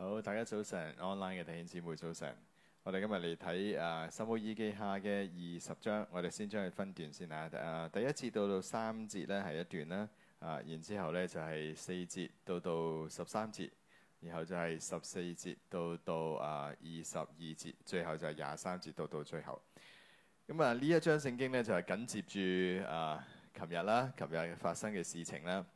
好，大家早晨，online 嘅弟兄姊妹早晨。我哋今日嚟睇啊《撒母耳記》下嘅二十章，我哋先將佢分段先啊，第一節到到三節咧係一段啦，啊，然之後咧就係、是、四節到到十三節，然後就係十四節到到啊二十二節，最後就係廿三節到到最後。咁、嗯、啊呢一章聖經咧就係、是、緊接住啊琴日啦，琴日，日發生嘅事情啦。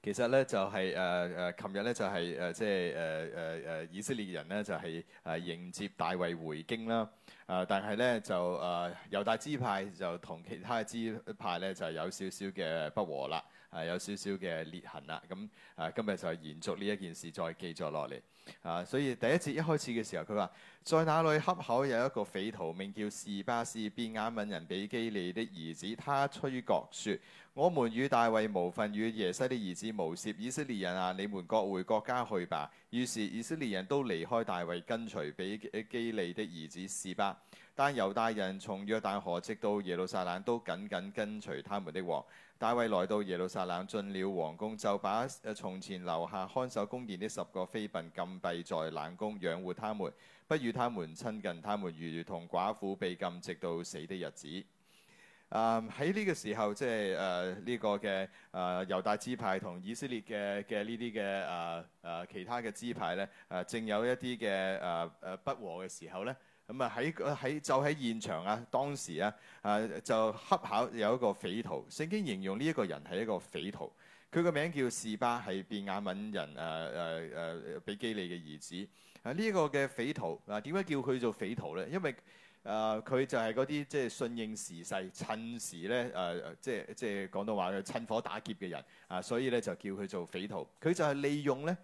其實咧就係誒誒，琴日、呃呃、咧就係誒即係誒誒誒，以色列人咧就係誒迎接大衛回京啦。啊、呃，但係咧就誒猶大支派就同其他支派咧就有少少嘅不和啦。係、啊、有少少嘅裂痕啦，咁、嗯、啊今日就係延續呢一件事再記載落嚟啊！所以第一節一開始嘅時候，佢話：在那裏恰巧有一個匪徒名叫示巴，是便雅憫人比基利的兒子，他吹角説：我們與大衛無份，與耶西的兒子無涉，以色列人啊，你們各回各家去吧！於是以色列人都離開大衛，跟隨比基利的兒子示巴。但猶大人從約旦河直到耶路撒冷，都緊緊跟隨他們的王。大衛來到耶路撒冷，進了王宮，就把誒從前留下看守宮殿的十個妃嬪禁閉在冷宮，養活他們，不與他們親近，他們如，如同寡婦被禁，直到死的日子。啊！喺呢、uh，個時候，即係誒呢個嘅誒猶大支派同以色列嘅嘅呢啲嘅誒誒其他嘅支派咧，誒正有一啲嘅誒誒不和嘅時候咧。咁啊喺喺就喺現場啊，當時啊啊就恰巧有一個匪徒，聖經形容呢一個人係一個匪徒，佢個名叫示巴，係便雅憫人誒誒誒比基利嘅兒子。啊呢一、這個嘅匪徒啊點解叫佢做匪徒咧？因為啊！佢、呃、就係嗰啲即係順應時勢，趁時咧，誒、呃、誒，即係即係講到話佢趁火打劫嘅人啊、呃！所以咧就叫佢做匪徒。佢就係利用咧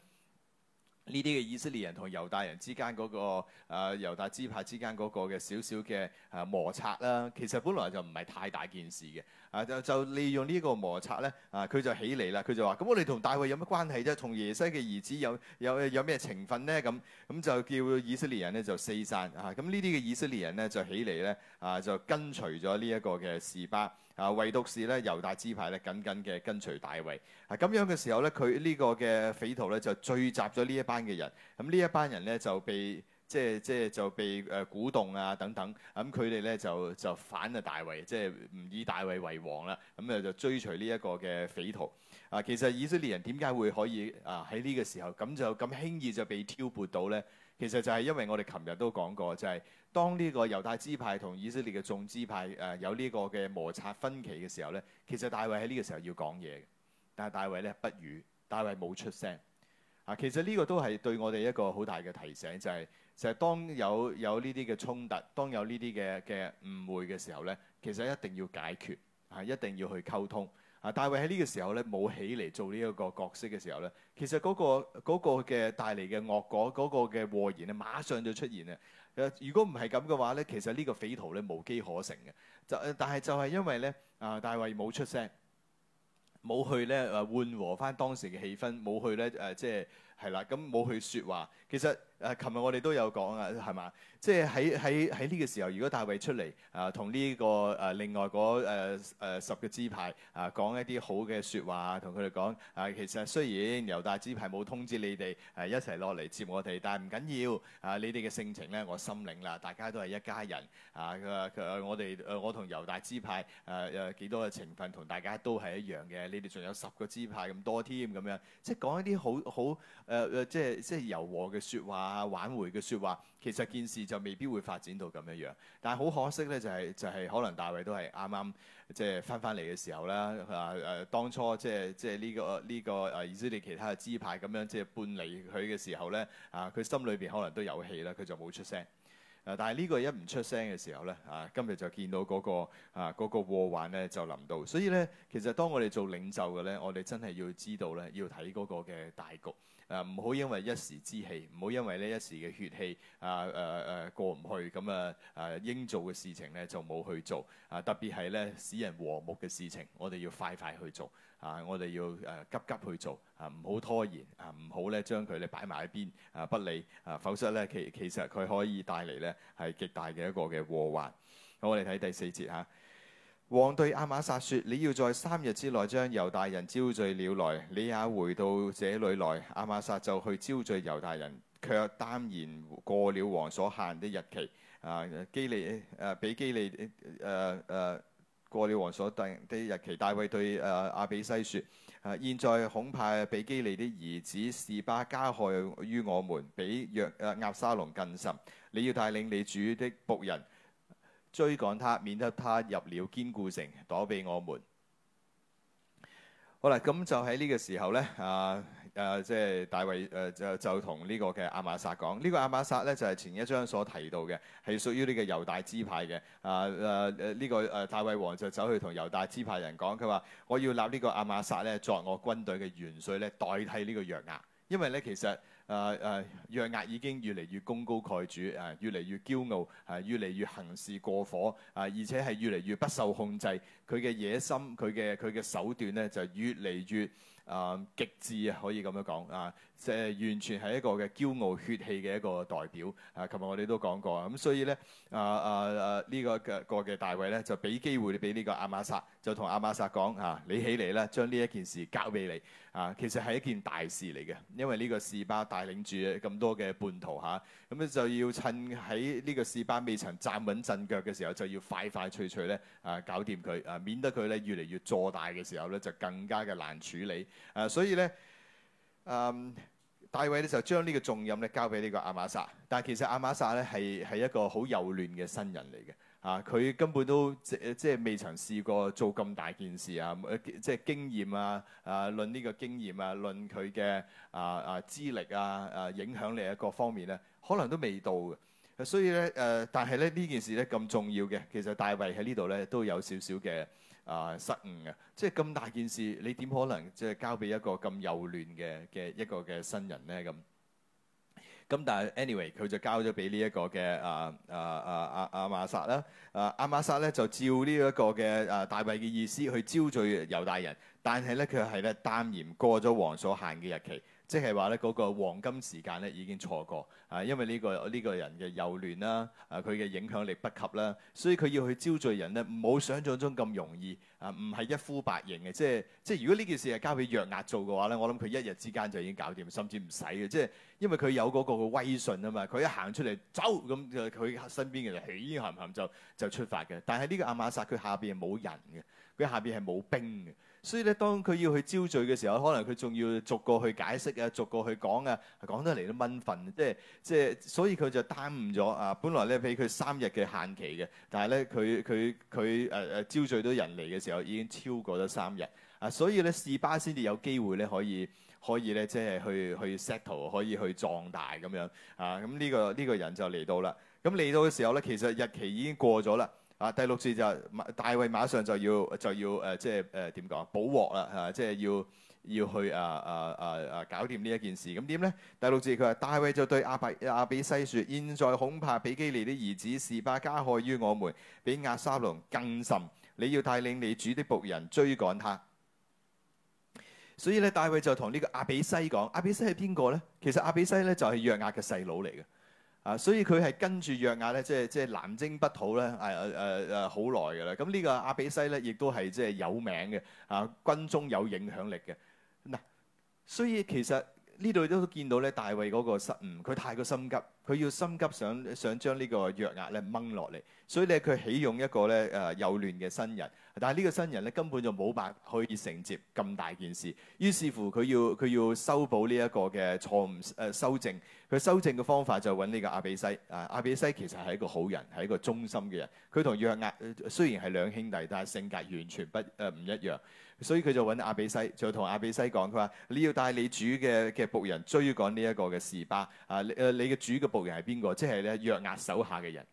呢啲嘅以色列人同猶大人之間嗰、那個啊、呃、猶大支派之間嗰個嘅小小嘅誒摩擦啦，其實本來就唔係太大件事嘅。啊！就就利用個呢個摩擦咧，啊，佢就起嚟啦。佢就話：咁我哋同大衛有乜關係啫？同耶西嘅兒子有有有咩情分咧？咁咁就叫以色列人咧就四散啊。咁呢啲嘅以色列人咧就起嚟咧啊，就跟隨咗呢一個嘅示巴啊。唯獨是咧猶大支派咧，緊緊嘅跟隨大衛啊。咁樣嘅時候咧，佢呢個嘅匪徒咧就聚集咗呢一班嘅人。咁、啊、呢一班人咧就被。即係即係就被誒、呃、鼓動啊等等，咁佢哋咧就就反啊大衛，即係唔以大衛為王啦，咁、嗯、誒就追隨呢一個嘅匪徒啊。其實以色列人點解會可以啊喺呢個時候咁就咁輕易就被挑撥到咧？其實就係因為我哋琴日都講過，就係、是、當呢個猶太支派同以色列嘅眾支派誒、啊、有呢個嘅摩擦分歧嘅時候咧，其實大衛喺呢個時候要講嘢，但係大衛咧不語，大衛冇出聲啊。其實呢個都係對我哋一個好大嘅提醒，就係、是。就係當有有呢啲嘅衝突，當有呢啲嘅嘅誤會嘅時候咧，其實一定要解決，啊一定要去溝通。啊，大衛喺呢個時候咧冇起嚟做呢一個角色嘅時候咧，其實嗰、嗰個嘅、嗰個、帶嚟嘅惡果，嗰、嗰個嘅禍言咧，馬上就出現啊！其實如果唔係咁嘅話咧，其實呢個匪徒咧無機可乘嘅，就但係就係因為咧啊，大衛冇出聲，冇去咧誒緩和翻當時嘅氣氛，冇去咧誒、啊、即係。係啦，咁冇去説話。其實誒，琴日我哋都有講啊，係嘛？即係喺喺喺呢個時候，如果大衛出嚟啊，同呢個誒另外嗰誒誒十個支派啊講一啲好嘅説話，同佢哋講啊，其實雖然猶大支派冇通知你哋誒一齊落嚟接我哋，但係唔緊要啊！你哋嘅性情咧，我心領啦。大家都係一家人啊！佢佢我哋我同猶大支派誒誒幾多嘅情分，同大家都係一樣嘅。你哋仲有十個支派咁多添咁樣，即係講一啲好好。誒誒，即係即係柔和嘅説話啊，挽回嘅説話，其實件事就未必會發展到咁樣樣。但係好可惜咧，就係就係可能大衛都係啱啱即係返返嚟嘅時候啦啊誒，當初即係即係呢個呢個啊，以色列其他嘅支派咁樣即係搬離佢嘅時候咧啊，佢心裏邊可能都有氣啦，佢就冇出聲啊。但係呢個一唔出聲嘅時候咧啊，今日就見到嗰個啊嗰個禍患咧就臨到，所以咧其實當我哋做領袖嘅咧，我哋真係要知道咧，要睇嗰個嘅大局。誒唔好因為一時之氣，唔好因為呢一時嘅血氣，啊誒誒、啊、過唔去，咁啊誒、啊、應做嘅事情咧就冇去做啊。特別係咧使人和睦嘅事情，我哋要快快去做啊！我哋要誒急急去做啊，唔好拖延啊，唔好咧將佢咧擺埋一邊啊，不理啊，否則咧其其實佢可以帶嚟咧係極大嘅一個嘅禍患。咁我哋睇第四節嚇。啊。王對阿瑪撒說：你要在三日之內將猶大人招聚了來，你也回到這裏來。阿瑪撒就去招聚猶大人，卻耽延過了王所限的日期。啊，基利誒、啊，比基利誒誒、啊啊、過了王所定的日期。大衛對誒、啊、阿比西說、啊：現在恐怕比基利的兒子示巴加害於我們，比約誒押、啊、沙龍更甚。你要帶領你主的僕人。追趕他，免得他入了堅固城躲避我們。好啦，咁就喺呢個時候咧，啊、呃，誒、呃，即、就、係、是、大衛誒、呃、就就同呢個嘅亞瑪撒講，呢個亞瑪撒咧就係前一章所提到嘅，係屬於呢個猶大支派嘅。啊、呃，誒、呃，呢、這個誒大衛王就走去同猶大支派人講，佢話：我要立呢個亞瑪撒咧作我軍隊嘅元帥咧，代替呢個約押。」因為咧其實。誒誒，約押、uh, uh, 已經越嚟越功高蓋主，誒、uh, 越嚟越驕傲，誒、uh, 越嚟越行事過火，誒、uh, 而且係越嚟越不受控制，佢嘅野心，佢嘅佢嘅手段咧就越嚟越誒、uh, 極致啊，可以咁樣講啊。Uh, 即係完全係一個嘅驕傲血氣嘅一個代表啊！琴日我哋都講過啊，咁所以咧啊啊、這個、啊、這個、呢個嘅個嘅大衛咧，就俾機會俾呢個亞瑪撒，就同亞瑪撒講啊：你起嚟咧，將呢一件事交俾你啊！其實係一件大事嚟嘅，因為呢個示巴帶領住咁多嘅叛徒嚇，咁、啊、咧就要趁喺呢個示巴未曾站穩陣腳嘅時候，就要快快脆脆咧啊搞掂佢啊，免得佢咧越嚟越坐大嘅時候咧，就更加嘅難處理啊！所以咧，嗯、啊。大衛咧就將呢個重任咧交俾呢個亞瑪撒，但係其實亞瑪撒咧係係一個好幼嫩嘅新人嚟嘅啊！佢根本都即即係未曾試過做咁大件事啊！即係經驗啊啊，論呢個經驗啊，論佢嘅啊啊資歷啊啊，影響力啊各方面咧，可能都未到嘅。所以咧誒、啊，但係咧呢件事咧咁重要嘅，其實大衛喺呢度咧都有少少嘅。啊，uh, 失誤嘅，即係咁大件事，你點可能即係交俾一個咁幼嫩嘅嘅一個嘅新人咧咁？咁但係 anyway，佢就交咗俾呢一個嘅啊啊啊啊阿馬撒啦，啊、uh, 阿馬撒咧就照呢一個嘅啊大衛嘅意思去招聚猶大人，但係咧佢係咧耽延過咗王所限嘅日期。即係話咧，嗰、那個黃金時間咧已經錯過啊！因為呢、這個呢、這個人嘅幼嫩啦，啊佢嘅影響力不及啦、啊，所以佢要去招聚人咧，唔好想像中咁容易啊！唔係一呼百應嘅，即係即係如果呢件事係交俾約押做嘅話咧，我諗佢一日之間就已經搞掂，甚至唔使嘅，即係因為佢有嗰個嘅威信啊嘛，佢一行出嚟走咁就，佢身邊嘅人起冚冚就就出發嘅。但係呢個亞瑪撒，佢下邊係冇人嘅，佢下邊係冇兵嘅。所以咧，當佢要去招聚嘅時候，可能佢仲要逐個去解釋啊，逐個去講啊，講得嚟都蚊瞓，即係即係，所以佢就耽誤咗啊！本來咧俾佢三日嘅限期嘅，但係咧佢佢佢誒誒招聚到人嚟嘅時候，已經超過咗三日啊！所以咧，示巴先至有機會咧可以可以咧即係去去 settle，可以去壯大咁樣啊！咁、嗯、呢、呢個呢、呢個人就嚟到啦。咁、啊、嚟到嘅時候咧，其實日期已經過咗啦。啊，第六字就大衛馬上就要就要誒、呃，即係誒點講，補鑊啦，吓、呃，即係要要去啊啊啊啊搞掂呢一件事。咁點咧？第六字佢話大衛就對阿伯亞比西說：現在恐怕比基利的兒子示巴加害於我們，比亞沙龍更甚。你要帶領你主的僕人追趕他。所以咧，大衛就同呢個阿比西講，阿比西係邊個咧？其實阿比西咧就係約押嘅細佬嚟嘅。啊，所以佢係跟住約押咧，即係即係南征北討咧，誒誒誒好耐嘅啦。咁、啊、呢、啊、個阿比西咧，亦都係即係有名嘅，啊，軍中有影響力嘅。嗱、啊，所以其實呢度都見到咧，大衛嗰個失誤，佢太過心急，佢要心急想想將呢個約押咧掹落嚟，所以咧佢起用一個咧誒幼嫩嘅新人。但係呢個新人咧根本就冇辦法去承接咁大件事，於是乎佢要佢要修補呢一個嘅錯誤誒、呃、修正。佢修正嘅方法就揾呢個阿比西、呃。阿比西其實係一個好人，係一個忠心嘅人。佢同約押雖然係兩兄弟，但係性格完全不誒唔、呃、一樣。所以佢就揾阿比西，就同阿比西講：佢話你要帶你主嘅嘅僕人追趕呢一個嘅示巴。啊、呃、誒，你嘅、呃、主嘅僕人係邊個？即係咧約押手下嘅人。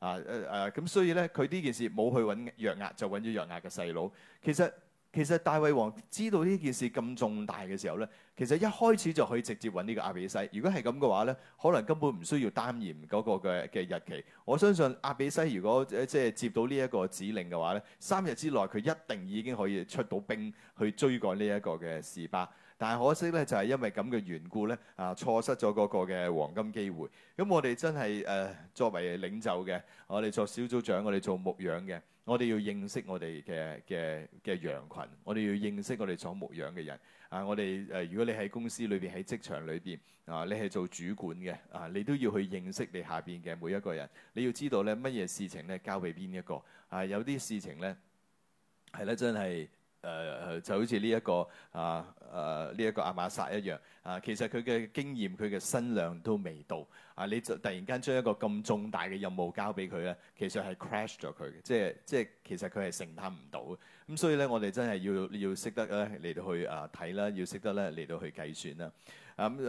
啊誒誒咁，所以咧佢呢件事冇去揾約押，就揾咗約押嘅細佬。其實其實大衛王知道呢件事咁重大嘅時候咧，其實一開始就可以直接揾呢個阿比西。如果係咁嘅話咧，可能根本唔需要耽延嗰個嘅嘅日期。我相信阿比西如果、呃、即即係接到呢一個指令嘅話咧，三日之內佢一定已經可以出到兵去追趕呢一個嘅示巴。但係可惜咧，就係、是、因為咁嘅緣故咧，啊錯失咗嗰個嘅黃金機會。咁、嗯、我哋真係誒、呃，作為領袖嘅，我哋作小組長，我哋做牧養嘅，我哋要認識我哋嘅嘅嘅羊群，我哋要認識我哋做牧養嘅人。啊，我哋誒、呃，如果你喺公司裏邊喺職場裏邊啊，你係做主管嘅啊，你都要去認識你下邊嘅每一個人。你要知道咧，乜嘢事情咧交俾邊一個？啊，有啲事情咧，係咧真係。誒、uh, 就好似呢一個啊誒呢一個亞瑪撒一樣啊，uh, 其實佢嘅經驗佢嘅身量都未到啊，uh, 你就突然間將一個咁重大嘅任務交俾佢咧，其實係 crash 咗佢嘅，即係即係其實佢係承擔唔到嘅。咁所以咧，我哋真係要要識得咧嚟到去啊睇啦，要識得咧嚟到去計算啦。咁誒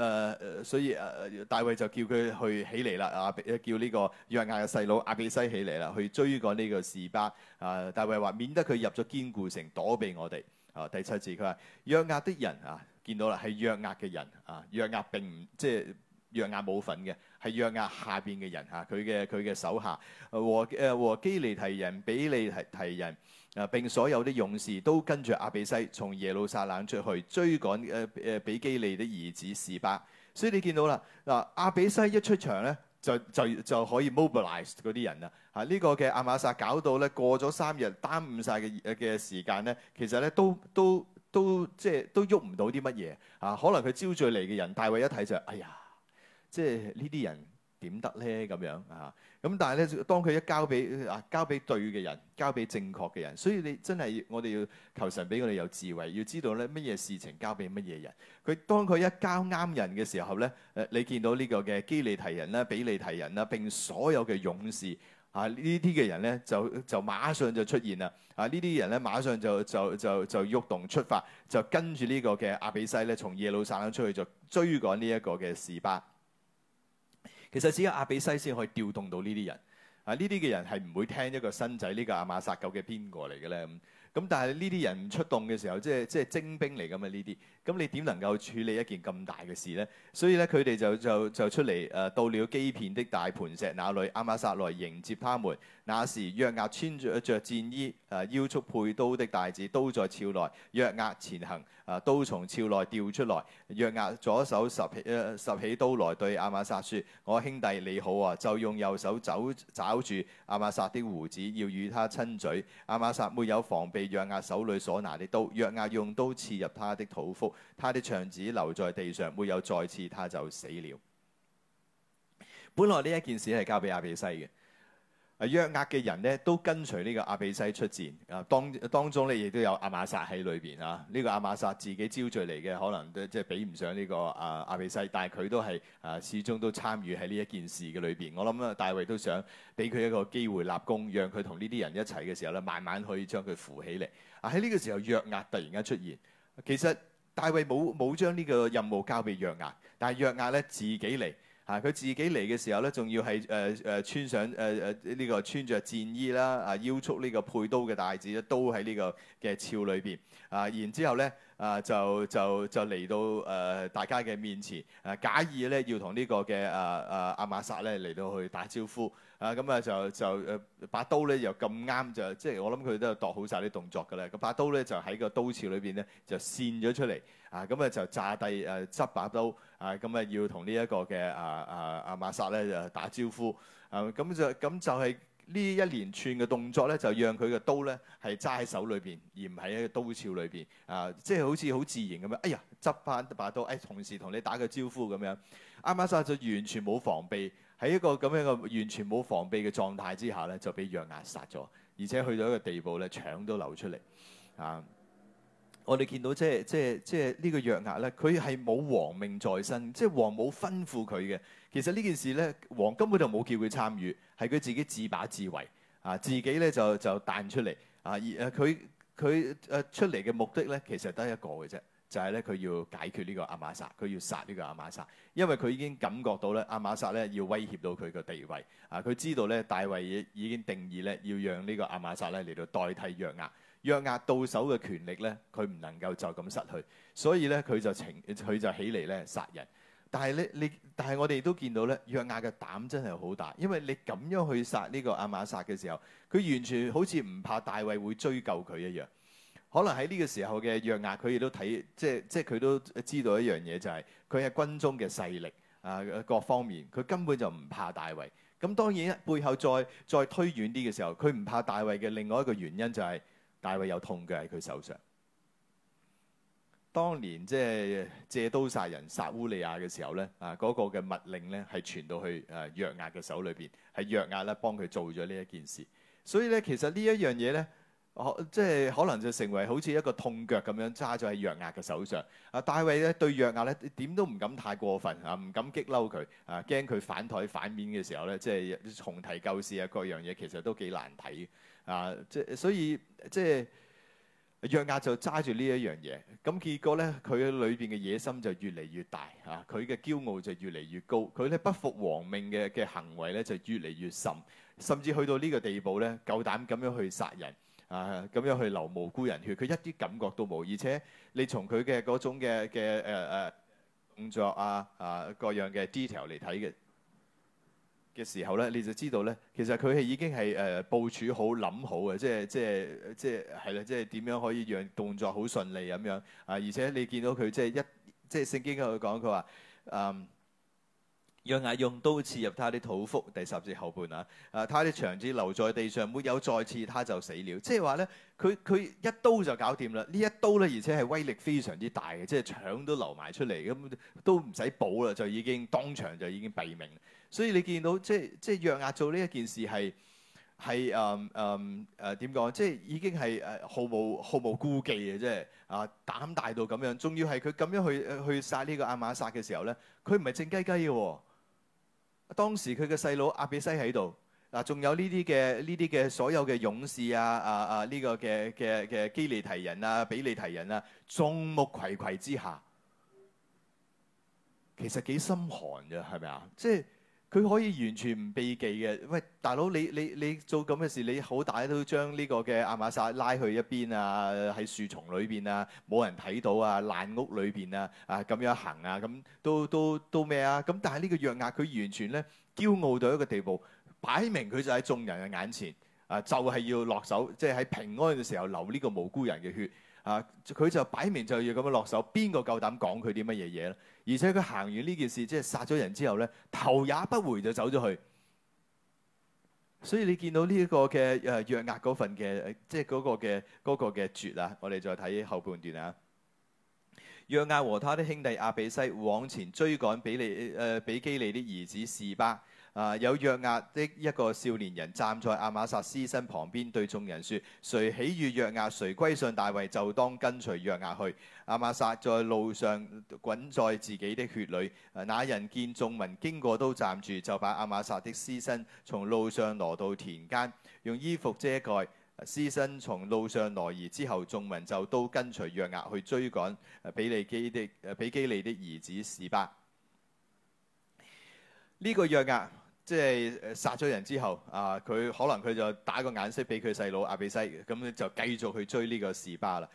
誒，所以誒、呃、大衛就叫佢去起嚟啦啊！叫呢個約押嘅細佬阿比西起嚟啦，去追趕呢個士巴啊！大衛話：免得佢入咗堅固城躲避我哋啊、哦。第七次，佢話約押的人啊，見到啦係約押嘅人啊，約、啊、押並唔即係約押冇份嘅係約押下邊嘅人嚇佢嘅佢嘅手下、啊、和誒和基尼提人、比利提提人。啊！並所有的勇士都跟住阿比西從耶路撒冷出去追趕誒誒、呃呃、比基利的兒子示巴，所以你見到啦，嗱、呃、阿比西一出場咧，就就就可以 mobilize 嗰啲人啦。啊，呢、這個嘅亞瑪撒搞到咧過咗三日，耽誤晒嘅嘅時間咧，其實咧都都都即係都喐唔到啲乜嘢啊！可能佢招聚嚟嘅人，大衛一睇就哎呀，即係呢啲人點得咧咁樣啊！咁但係咧，當佢一交俾啊交俾對嘅人，交俾正確嘅人，所以你真係我哋要求神俾我哋有智慧，要知道咧乜嘢事情交俾乜嘢人。佢當佢一交啱人嘅時候咧，誒、啊、你見到呢個嘅基利提人啦、比利提人啦，並所有嘅勇士啊呢啲嘅人咧，就就馬上就出現啦。啊呢啲人咧馬上就就就就喐動，動出發，就跟住呢個嘅亞比篩咧，從耶路撒冷出去就追趕呢一個嘅示巴。其實只有亞比西先可以調動到呢啲人，啊呢啲嘅人係唔會聽一個新仔呢、這個亞瑪撒究竟邊個嚟嘅咧咁，但係呢啲人出動嘅時候，即係即係精兵嚟㗎嘛呢啲，咁你點能夠處理一件咁大嘅事咧？所以咧佢哋就就就出嚟誒，到了基遍的大磐石那裏，亞瑪撒來迎接他們。那時約押穿着戰衣，誒、啊、腰束佩刀的帶子，刀在鞘內。約押前行，誒、啊、刀從鞘內掉出來。約押左手拾起誒、呃、拾起刀來，對亞瑪撒說：我兄弟你好啊！就用右手找找住亞瑪撒的鬍子，要與他親嘴。亞瑪撒沒有防備約押手裏所拿的刀，約押用刀刺入他的肚腹，他的腸子留在地上，沒有再刺，他就死了。本來呢一件事係交俾亞比篩嘅。啊、約押嘅人咧都跟隨呢個亞比篩出戰，啊，當當中咧亦都有亞瑪撒喺裏邊啊。呢、這個亞瑪撒自己招聚嚟嘅，可能都即係比唔上呢、這個啊亞比篩，但係佢都係啊始終都參與喺呢一件事嘅裏邊。我諗啊，大衛都想俾佢一個機會立功，讓佢同呢啲人一齊嘅時候咧，慢慢可以將佢扶起嚟。喺、啊、呢個時候，約押突然間出現，其實大衛冇冇將呢個任務交俾約押，但係約押咧自己嚟。啊！佢自己嚟嘅時候咧，仲要係誒誒穿上誒誒呢個穿著戰衣啦，啊腰束呢個佩刀嘅帶子咧，刀喺呢個嘅鞘裏邊啊，然之後咧啊就就就嚟到誒、呃、大家嘅面前啊，假意咧要同呢個嘅啊啊亞瑪撒咧嚟到去打招呼。啊咁啊、嗯、就就誒把刀咧又咁啱就即係我諗佢都度度好晒啲動作㗎啦。咁把刀咧就喺個刀鞘裏邊咧就跣咗出嚟啊！咁、嗯、啊就揸低誒執把刀啊！咁啊要同、啊、呢一個嘅啊啊阿馬薩咧就打招呼啊！咁、嗯、就咁、嗯、就係呢一連串嘅動作咧，就讓佢嘅刀咧係揸喺手裏邊，而唔喺個刀鞘裏邊啊！即係好似好自然咁樣。哎呀，執翻把刀，誒、哎、同時同你打個招呼咁樣。阿、啊、馬薩就完全冇防備。喺一個咁樣嘅完全冇防備嘅狀態之下咧，就俾約押殺咗，而且去到一個地步咧，腸都流出嚟。啊、uh，就是，我哋見到即係即係即係呢個約押咧，佢係冇王命在身，即、就、係、是、王冇吩咐佢嘅。其實呢件事咧，王根本就冇叫佢參與，係佢自己自把自為。啊，自己咧就就彈出嚟。啊，而誒佢佢誒出嚟嘅目的咧，其實得一個嘅啫。就係咧，佢要解決呢個阿瑪撒，佢要殺呢個阿瑪撒，因為佢已經感覺到咧，阿瑪撒咧要威脅到佢個地位啊！佢知道咧，大衛已已經定義咧，要讓呢個阿瑪撒咧嚟到代替約押，約押到手嘅權力咧，佢唔能夠就咁失去，所以咧佢就請佢就起嚟咧殺人。但係咧，你但係我哋都見到咧，約押嘅膽真係好大，因為你咁樣去殺呢個阿瑪撒嘅時候，佢完全好似唔怕大衛會追究佢一樣。可能喺呢個時候嘅約押，佢亦都睇，即係即係佢都知道一樣嘢，就係佢係軍中嘅勢力啊，各方面佢根本就唔怕大衛。咁當然背後再再推遠啲嘅時候，佢唔怕大衛嘅另外一個原因就係、是、大衛有痛腳喺佢手上。當年即係借刀殺人殺烏利亞嘅時候咧，啊嗰、那個嘅密令咧係傳到去誒約押嘅手裏邊，係約押咧幫佢做咗呢一件事。所以咧，其實一呢一樣嘢咧。即係可能就成為好似一個痛腳咁樣揸咗喺約押嘅手上啊。大衛咧對約押咧點都唔敢太過分啊，唔敢激嬲佢啊，驚佢反台反面嘅時候咧，即係重提舊事啊，各樣嘢其實都幾難睇啊。即係所以即係約押就揸住呢一樣嘢，咁結果咧佢喺裏邊嘅野心就越嚟越大啊，佢嘅驕傲就越嚟越高，佢咧不服王命嘅嘅行為咧就越嚟越甚，甚至去到呢個地步咧，夠膽咁樣去殺人。啊，咁樣去流無辜人血，佢一啲感覺都冇，而且你從佢嘅嗰種嘅嘅誒誒動作啊、啊各樣嘅 detail 嚟睇嘅嘅時候咧，你就知道咧，其實佢係已經係誒、呃、部署好、諗好嘅，即係即係即係係啦，即係點樣可以讓動作好順利咁樣啊？而且你見到佢即係一即係聖經佢講，佢話嗯。約押用刀刺入他啲肚腹，第十節後半啊，啊、呃，他啲腸子留在地上，沒有再刺，他就死了。即係話咧，佢佢一刀就搞掂啦。呢一刀咧，而且係威力非常之大嘅，即係腸都流埋出嚟，咁都唔使補啦，就已經當場就已經斃命。所以你見到即係即係約押做呢一件事係係誒誒誒點講？即係已經係誒毫無毫無顧忌嘅，即係啊膽大到咁樣。仲要係佢咁樣去去殺呢個阿瑪撒嘅時候咧，佢唔係靜雞雞嘅。當時佢嘅細佬亞比篩喺度，嗱，仲有呢啲嘅呢啲嘅所有嘅勇士啊啊啊！呢個嘅嘅嘅基利提人啊、比利提人啊，眾目睽睽之下，其實幾心寒嘅，係咪啊？即係。佢可以完全唔避忌嘅，喂，大佬你你你做咁嘅事，你好大都將呢個嘅亞瑪撒拉去一邊啊，喺樹叢裏邊啊，冇人睇到啊，爛屋裏邊啊，啊咁樣行啊，咁都都都咩啊？咁但係呢個約押佢完全咧驕傲到一個地步，擺明佢就喺眾人嘅眼前啊，就係要落手，即係喺平安嘅時候流呢個無辜人嘅血啊，佢就擺明就要咁樣落手，邊個夠膽講佢啲乜嘢嘢咧？而且佢行完呢件事，即係殺咗人之後咧，頭也不回就走咗去。所以你見到呢一個嘅誒約押嗰份嘅，即係嗰個嘅嗰、嗰個嘅絕啊！我哋再睇後半段啊。約押和他的兄弟亞比篩往前追趕比利，誒，比基利的兒子示巴。啊！有約押的一個少年人站在亞瑪撒屍身旁邊，對眾人說：誰喜悅約押，誰歸順大衛，就當跟隨約押去。亞瑪撒在路上滾在自己的血裏。那、啊、人見眾民經過都站住，就把亞瑪撒的屍身從路上挪到田間，用衣服遮蓋。屍、啊、身從路上挪移之後，眾民就都跟隨約押去追趕、啊。比利基的、啊、比基利的兒子示巴，呢、這個約押。即係殺咗人之後，啊，佢可能佢就打個眼色俾佢細佬亞比西，咁就繼續去追呢個士巴啦。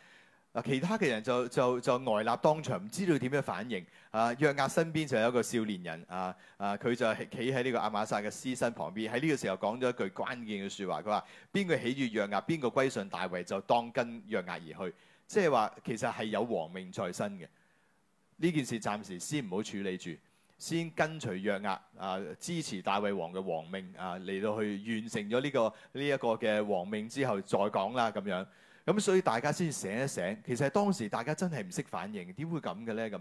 啊，其他嘅人就就就呆立當場，唔知道點樣反應。啊，約押身邊就有一個少年人，啊啊，佢就係企喺呢個亞瑪撒嘅屍身旁邊，喺呢個時候講咗一句關鍵嘅説話，佢話：邊個喜悅約押，邊個歸順大衛，就當跟約押而去。即係話其實係有亡命在身嘅呢件事，暫時先唔好處理住。先跟隨約押啊，支持大衛王嘅王命啊，嚟到去完成咗呢個呢一個嘅王命之後再講啦咁樣。咁所以大家先醒一醒，其實係當時大家真係唔識反應，點會咁嘅咧咁。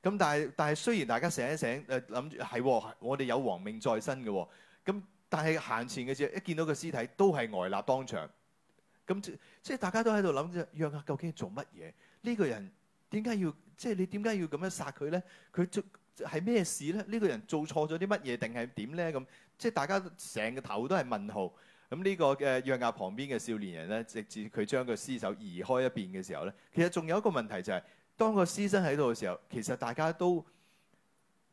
咁但係但係雖然大家醒一醒，誒諗住係我哋有王命在身嘅，咁但係行前嘅時候一見到個屍體都係呆立當場。咁即係大家都喺度諗約押究竟係做乜嘢？呢個人點解要即係你點解要咁樣殺佢咧？佢最係咩事咧？呢個人做錯咗啲乜嘢，定係點咧？咁即係大家成個頭都係問號。咁呢個嘅約押旁邊嘅少年人咧，直至佢將個屍首移開一邊嘅時候咧，其實仲有一個問題就係，當個屍身喺度嘅時候，其實大家都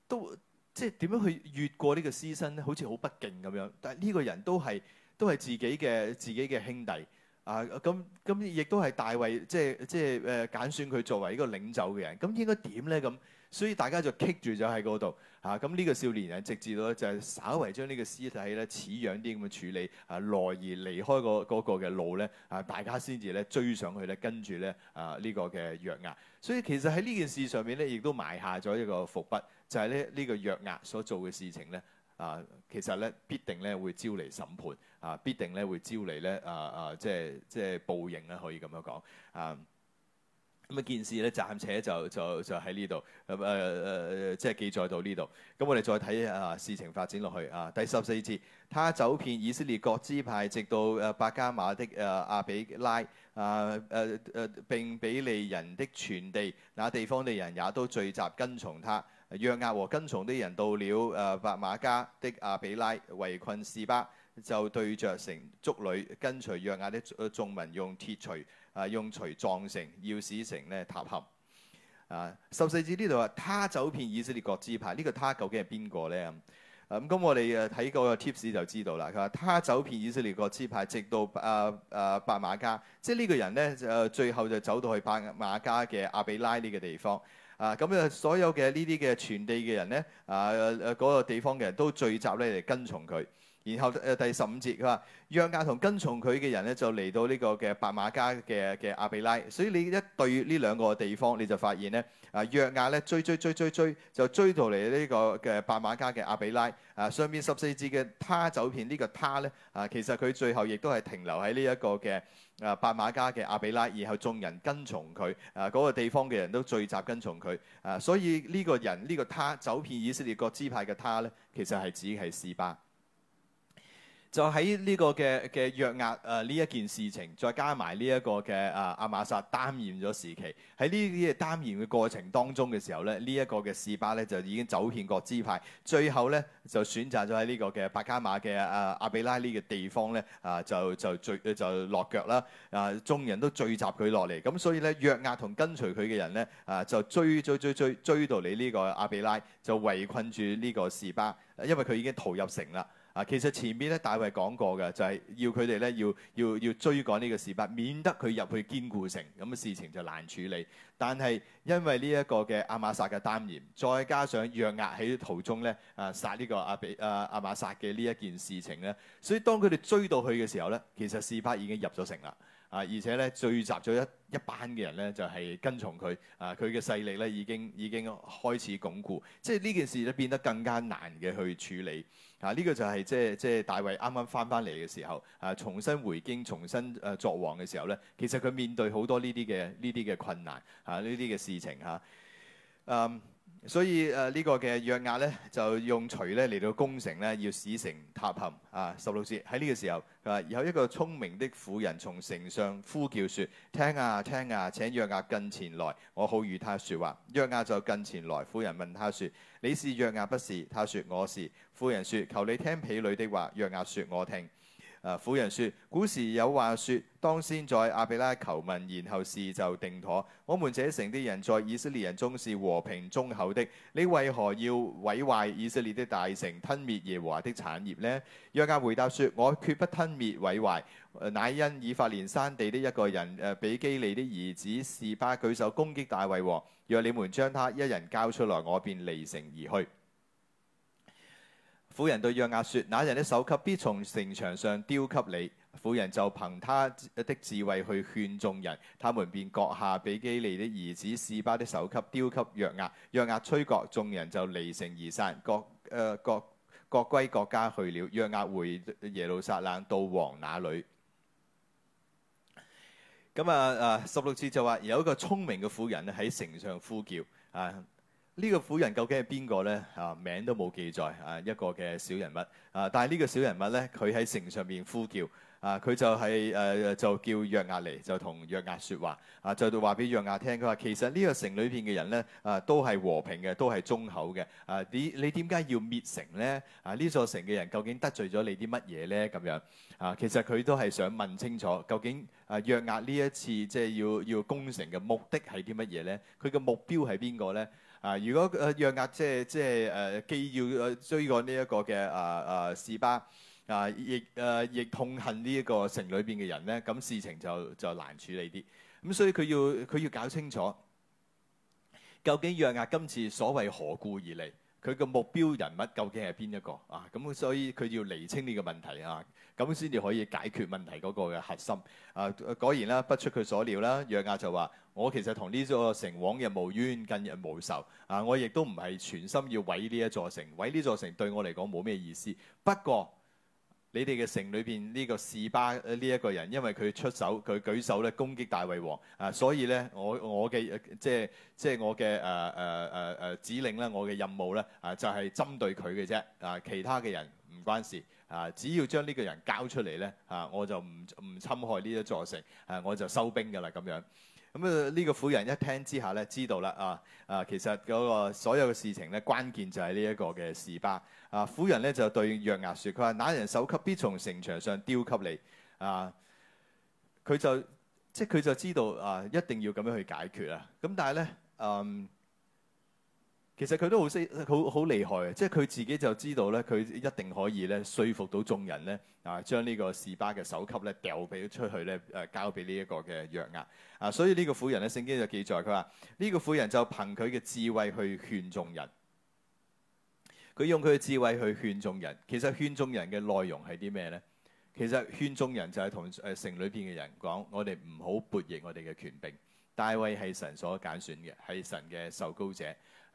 都即係點樣去越過呢個屍身咧？好似好不敬咁樣。但係呢個人都係都係自己嘅自己嘅兄弟啊！咁咁亦都係大衛即係即係誒揀選佢作為一個領袖嘅人。咁應該點咧？咁所以大家就棘住咗喺嗰度嚇，咁、啊、呢個少年人直至到咧就係、是、稍為將呢個屍體咧似樣啲咁嘅處理，啊，耐而離開、那個嗰、嗰個嘅路咧，啊，大家先至咧追上去咧跟住咧啊呢、呢個嘅約押，所以其實喺呢件事上面咧，亦都埋下咗一個伏筆，就係、是、咧呢、呢個約押所做嘅事情咧，啊，其實咧必定咧會招嚟審判，啊，必定咧會招嚟咧啊啊，呃、即係即係報應啦，可以咁樣講啊。咁啊件事咧，暫且就就就喺呢度，誒、呃、誒、呃、即係記載到呢度。咁、嗯、我哋再睇啊事情發展落去啊。第十四節，他走遍以色列各支派，直到誒伯加馬的誒阿比拉啊誒誒、啊啊啊、並比利人的全地，那地方嘅人也都聚集跟從他。約押和跟從的人到了誒伯、啊、馬加的阿比拉，圍困示巴，就對着城築壘，跟隨約押的眾民用鐵錘。啊！用錘撞城，要使城咧塌陷。啊！十四節呢度啊，他走遍以色列各支派，呢、這個他究竟係邊個咧？咁、啊、咁、嗯，我哋睇個 tips 就知道啦。佢話他走遍以色列各支派，直到啊啊伯瑪加，即係呢個人咧就、啊、最後就走到去伯瑪加嘅阿比拉呢個地方。啊咁啊，所有嘅呢啲嘅全地嘅人咧啊啊嗰、那個地方嘅人都聚集咧嚟跟從佢。然後誒第十五節佢話約亞同跟從佢嘅人咧就嚟到呢個嘅白馬家嘅嘅、這個、阿比拉，所以你一對呢兩個地方你就發現咧啊約亞咧追追追追追就追，追到嚟呢個嘅白馬家嘅阿比拉啊，上面十四節嘅他走遍呢、這個他咧啊，其實佢最後亦都係停留喺呢一個嘅啊白馬家嘅阿比拉，然後眾人跟從佢啊嗰、這個地方嘅人都聚集跟從佢啊，所以呢個人呢、這個他走遍以色列各支派嘅他咧其實係指係示巴。就喺呢個嘅嘅約押誒呢一件事情，再加埋呢一個嘅啊阿馬撒擔任咗時期，喺呢啲擔任嘅過程當中嘅時候咧，呢一個嘅示巴咧就已經走遍各支派，最後咧就選擇咗喺呢個嘅百加馬嘅啊阿比拉呢個地方咧啊就就聚就，就落腳啦啊眾人都聚集佢落嚟，咁所以咧約押同跟隨佢嘅人咧啊就追追追追追到你呢個阿比拉，就圍困住呢個示巴，因為佢已經逃入城啦。啊，其實前面咧，大衛講過嘅就係要佢哋咧，要要要追趕呢個示巴，免得佢入去堅固城，咁嘅事情就難處理。但係因為呢一個嘅亞瑪撒嘅耽延，再加上約押喺途中咧，啊殺呢個阿比啊亞瑪撒嘅呢一件事情咧，所以當佢哋追到去嘅時候咧，其實示巴已經入咗城啦，啊而且咧聚集咗一一班嘅人咧，就係跟從佢，啊佢嘅勢力咧已經已經開始鞏固，即係呢件事咧變得更加難嘅去處理。啊！呢、這個就係即係即係大衛啱啱返返嚟嘅時候，啊重新回京、重新誒、啊、作王嘅時候咧，其實佢面對好多呢啲嘅呢啲嘅困難，啊呢啲嘅事情嚇、啊。嗯，所以誒、啊這個、呢個嘅約押咧，就用錘咧嚟到攻城咧，要使城塌陷。啊，十六節喺呢個時候，啊有一個聰明的婦人從城上呼叫説：聽啊聽啊！請約押近前來，我好與他說話。約押就近前來，婦人問他説：你是約押不是？他說，我是。婦人說，說求你聽婢女的話。約押說，我聽。啊！婦人説：古時有話説，當先在亞比拉求問，然後事就定妥。我們這城的人在以色列人中是和平忠厚的，你為何要毀壞以色列的大城，吞滅耶和華的產業呢？約押、啊、回答説：我決不吞滅毀壞，乃因以法蓮山地的一個人，誒、啊、比基利的兒子示巴舉手攻擊大衛王，若你們將他一人交出來，我便離城而去。婦人對約押說：那人的首級必從城牆上丟給你。婦人就憑他的智慧去勸眾人，他們便割下比基利的兒子示巴的首級丟給約押。約押吹角，眾人就離城而散，各誒、呃、各各歸各家去了。約押回耶路撒冷到王那裏。咁啊啊十六節就話有一個聰明嘅婦人喺城上呼叫啊。呢個婦人究竟係邊個咧？啊，名都冇記載啊，一個嘅小人物啊。但係呢個小人物咧，佢喺城上面呼叫啊，佢就係、是、誒、啊、就叫約押嚟，就同約押說話啊，再到話俾約押聽，佢話其實呢個城裏邊嘅人咧啊，都係和平嘅，都係忠厚嘅啊。你你點解要滅城咧？啊，呢座城嘅人究竟得罪咗你啲乜嘢咧？咁樣啊，其實佢都係想問清楚，究竟啊約押呢一次即係要要攻城嘅目的係啲乜嘢咧？佢嘅目標係邊個咧？啊！如果誒約押即係即係誒，既要追趕呢一個嘅誒誒示巴，啊，亦誒亦痛恨呢一個城裏邊嘅人咧，咁事情就就難處理啲。咁、啊、所以佢要佢要搞清楚，究竟約押今次所謂何故而嚟？佢個目標人物究竟係邊一個啊？咁所以佢要釐清呢個問題啊，咁先至可以解決問題嗰個嘅核心。啊，果然啦，不出佢所料啦，約押就話：我其實同呢座城往日無冤，近日無仇。啊，我亦都唔係全心要毀呢一座城，毀呢座城對我嚟講冇咩意思。不過，你哋嘅城裏邊呢個示巴呢一個人，因為佢出手佢舉手咧攻擊大衛王啊，所以咧我我嘅、呃、即係即係我嘅誒誒誒誒指令咧，我嘅任務咧啊就係、是、針對佢嘅啫啊，其他嘅人唔關事啊，只要將呢個人交出嚟咧啊，我就唔唔侵害呢一座城啊，我就收兵㗎喇咁樣。咁啊！呢個婦人一聽之下咧，知道啦啊啊！其實嗰個所有嘅事情咧，關鍵就係呢一個嘅事吧。啊，婦人咧就對約押説：佢話拿人首級必從城牆上丟給你啊！佢就即係佢就知道啊，一定要咁樣去解決啦。咁、啊、但係咧，嗯。其實佢都好識，好好厲害嘅，即係佢自己就知道咧，佢一定可以咧說服到眾人咧，啊，將呢個士巴嘅首級咧掉俾出去咧，誒，交俾呢一個嘅約押啊，所以呢個婦人咧，聖經就記載佢話呢個婦人就憑佢嘅智慧去勸眾人，佢用佢嘅智慧去勸眾人。其實勸眾人嘅內容係啲咩咧？其實勸眾人就係同誒城裏邊嘅人講，我哋唔好駁逆我哋嘅權柄，大衛係神所揀選嘅，係神嘅受膏者。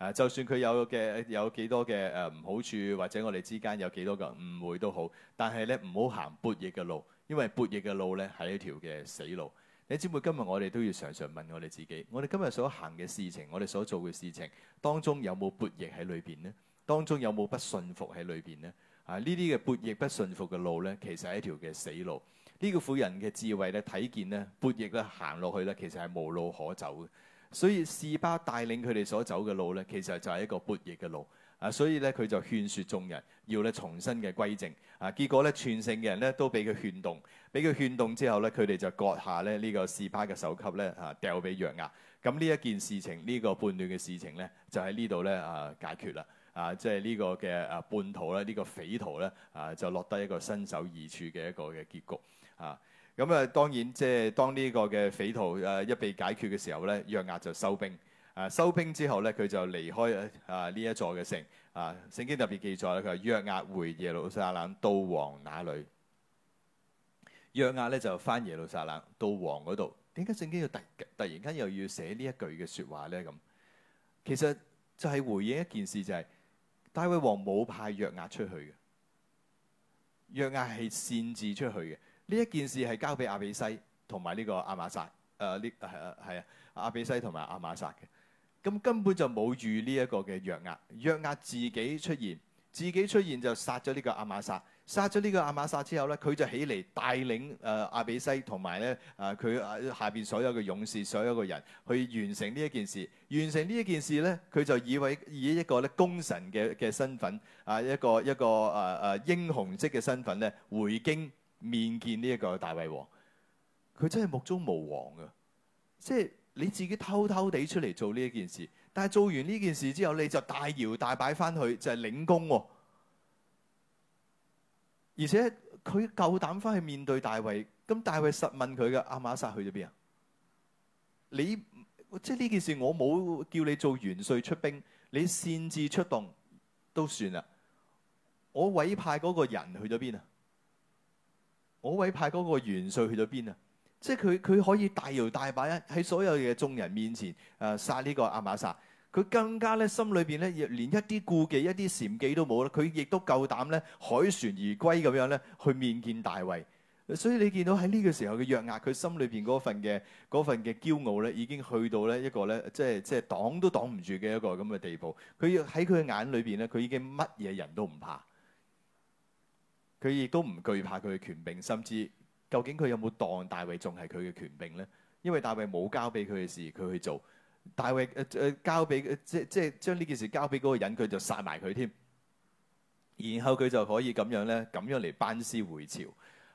啊，就算佢有嘅有幾多嘅誒唔好處，或者我哋之間有幾多嘅誤會都好，但係咧唔好行悖逆嘅路，因為悖逆嘅路咧係一條嘅死路。你知唔知今日我哋都要常常問我哋自己，我哋今日所行嘅事情，我哋所做嘅事情當中有冇悖逆喺裏邊呢？當中有冇不信服喺裏邊呢？啊，呢啲嘅悖逆不信服嘅路咧，其實係一條嘅死路。呢個婦人嘅智慧咧，睇見咧悖逆咧行落去咧，其實係無路可走嘅。所以士巴帶領佢哋所走嘅路咧，其實就係一個叛逆嘅路啊！所以咧，佢就勸説眾人要咧重新嘅歸正啊！結果咧，全城嘅人咧都俾佢勸動，俾佢勸動之後咧，佢哋就割下咧呢、這個士巴嘅首級咧啊，掉俾約押。咁呢一件事情，呢、這個叛亂嘅事情咧，就喺呢度咧啊解決啦啊！即係呢個嘅啊叛徒咧，呢、這個匪徒咧啊，就落得一個身首異處嘅一個嘅結局啊！啊咁啊，當然即係當呢個嘅匪徒誒一被解決嘅時候咧，約押就收兵。誒收兵之後咧，佢就離開啊呢一座嘅城。啊，聖經特別記載咧，佢話約押回耶路撒冷到王那裡。約押咧就翻耶路撒冷到王嗰度。點解聖經要突突然間又要寫呢一句嘅説話咧？咁其實就係回應一件事，就是，就係大衛王冇派約押出去嘅，約押係擅自出去嘅。呢一件事係交俾阿比西同埋呢個阿馬撒。誒呢係啊係啊，阿、啊啊、比西同埋阿馬撒嘅咁根本就冇預呢一個嘅約押。約押自己出現，自己出現就殺咗呢個阿馬撒，殺咗呢個阿馬撒之後咧，佢就起嚟帶領誒阿、呃、比西同埋咧啊佢下邊所有嘅勇士，所有嘅人去完成呢一件事。完成呢一件事咧，佢就以為以一個咧功臣嘅嘅身份啊、呃、一個一個誒誒、呃、英雄式嘅身份咧回京。面見呢一個大衛王，佢真係目中無王噶，即係你自己偷偷地出嚟做呢一件事，但係做完呢件事之後，你就大搖大擺翻去就係、是、領功喎、哦。而且佢夠膽翻去面對大衛，咁大衛實問佢噶：亞瑪撒去咗邊啊？你即係呢件事，我冇叫你做元帥出兵，你擅自出動都算啦。我委派嗰個人去咗邊啊？我委派嗰個元帥去咗邊啊？即係佢佢可以大搖大擺喺所有嘅眾人面前誒、呃、殺呢個亞瑪撒。佢更加咧心裏邊咧亦連一啲顧忌、一啲謙忌都冇啦。佢亦都夠膽咧凱旋而歸咁樣咧去面見大衛。所以你見到喺呢個時候嘅約押，佢心裏邊嗰份嘅份嘅驕傲咧，已經去到咧一個咧即係即係擋都擋唔住嘅一個咁嘅地步。佢喺佢嘅眼裏邊咧，佢已經乜嘢人都唔怕。佢亦都唔懼怕佢嘅權柄，甚至究竟佢有冇當大衛仲係佢嘅權柄咧？因為大衛冇交俾佢嘅事，佢去做大衛誒誒交俾、呃、即即係將呢件事交俾嗰個人，佢就殺埋佢添。然後佢就可以咁樣咧，咁樣嚟班師回朝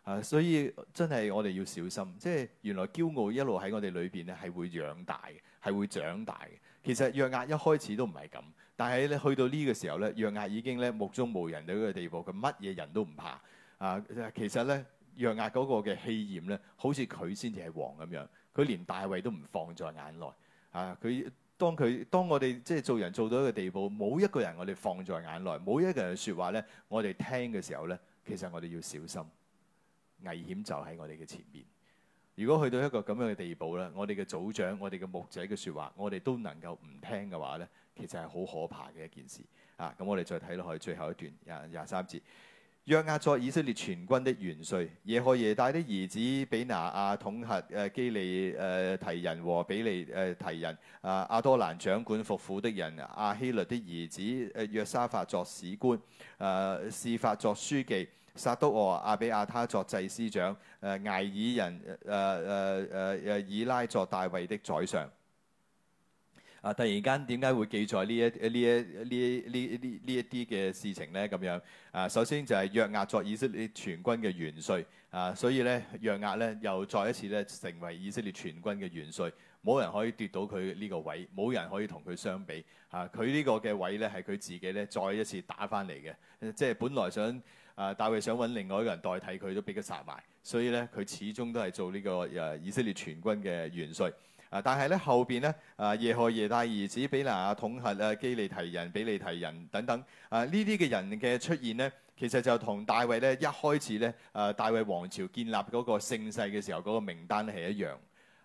啊！所以真係我哋要小心，即係原來驕傲一路喺我哋裏邊咧，係會養大，係會長大嘅。其實約押一開始都唔係咁。但係咧，去到呢個時候咧，約押已經咧目中無人到一個地步，佢乜嘢人都唔怕啊。其實咧，約押嗰個嘅氣焰咧，好似佢先至係王咁樣。佢連大衛都唔放在眼內啊。佢當佢當我哋即係做人做到一個地步，冇一個人我哋放在眼內，冇一個人嘅説話咧，我哋聽嘅時候咧，其實我哋要小心，危險就喺我哋嘅前面。如果去到一個咁樣嘅地步咧，我哋嘅組長、我哋嘅牧者嘅説話，我哋都能夠唔聽嘅話咧。其實係好可怕嘅一件事啊！咁我哋再睇落去最後一段廿廿三節，約押作以色列全軍的元帥，耶何耶大的兒子比拿雅、啊、統轄誒、啊、基利誒提人和比利誒提人，啊，亞多蘭掌管服苦的人，亞、啊、希律的兒子誒、啊、約沙法作史官，誒，示法作書記，撒督和亞比亞他作祭司長，誒、啊、睚珥人誒誒誒誒以拉作大衛的宰相。啊！突然間點解會記載呢一呢一呢呢呢一啲嘅事情呢？咁樣啊，首先就係約押作以色列全軍嘅元帥啊，所以呢，約押呢又再一次咧成為以色列全軍嘅元帥，冇人可以奪到佢呢個位，冇人可以同佢相比啊！佢呢個嘅位呢係佢自己咧再一次打返嚟嘅，即係本來想啊大衛想揾另外一個人代替佢，都俾佢殺埋，所以呢，佢始終都係做呢個誒以色列全軍嘅元帥。但係咧後邊咧，啊耶何耶大兒子比拿雅統轄啊基利提人、比利提人等等，啊呢啲嘅人嘅出現咧，其實就同大衛咧一開始咧，啊大衛王朝建立嗰個盛世嘅時候嗰個名單係一樣。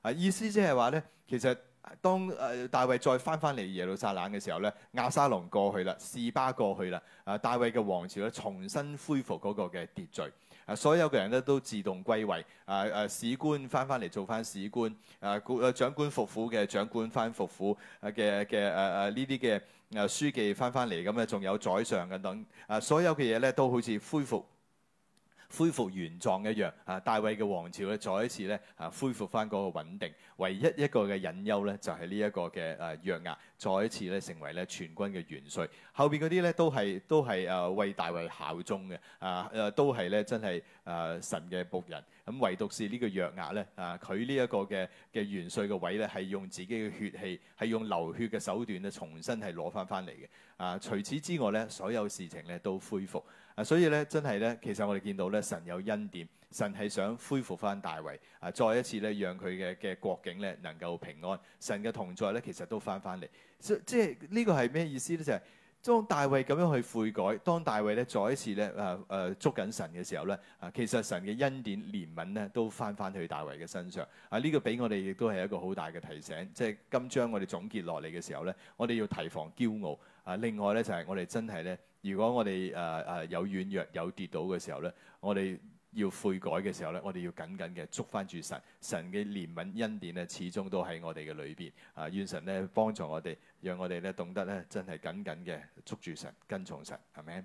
啊意思即係話咧，其實當啊大衛再返返嚟耶路撒冷嘅時候咧，押沙龍過去啦，示巴過去啦，啊大衛嘅王朝咧重新恢復嗰個嘅秩序。啊！所有嘅人咧都自動歸位，啊啊！史官翻翻嚟做翻史官，啊官啊長官服苦嘅長官翻服苦嘅嘅嘅啊啊！呢啲嘅啊書記翻翻嚟咁啊，仲有宰相嘅等，等，啊所有嘅嘢咧都好似恢復。恢復原狀一樣，啊，大衛嘅王朝咧，再一次咧，啊，恢復翻嗰個穩定。唯一一個嘅隱憂咧，就係呢一個嘅誒約押，再一次咧成為咧全軍嘅元帥。後邊嗰啲咧都係都係誒為大衛效忠嘅，啊誒都係咧真係誒神嘅僕人。咁唯獨是呢個約押咧，啊佢呢一個嘅嘅元帥嘅位咧，係用自己嘅血氣，係用流血嘅手段咧，重新係攞翻翻嚟嘅。啊除此之外咧，所有事情咧都恢復。啊，所以咧，真係咧，其實我哋見到咧，神有恩典，神係想恢復翻大衛，啊，再一次咧，讓佢嘅嘅國境咧能夠平安。神嘅同在咧，其實都翻翻嚟。即即係呢個係咩意思咧？就係當大衛咁樣去悔改，當大衛咧再一次咧，啊啊捉緊神嘅時候咧，啊，其實神嘅恩典、憐憫咧都翻翻去大衛嘅身上。啊，呢個俾我哋亦都係一個好大嘅提醒。即係今章我哋總結落嚟嘅時候咧，我哋要提防驕傲。啊，另外咧就係我哋真係咧。如果我哋誒誒有軟弱、有跌倒嘅時候咧，我哋要悔改嘅時候咧，我哋要緊緊嘅捉翻住神，神嘅憐憫恩典咧，始終都喺我哋嘅裏邊啊！願神咧幫助我哋，讓我哋咧懂得咧真係緊緊嘅捉住神，跟從神，係咪？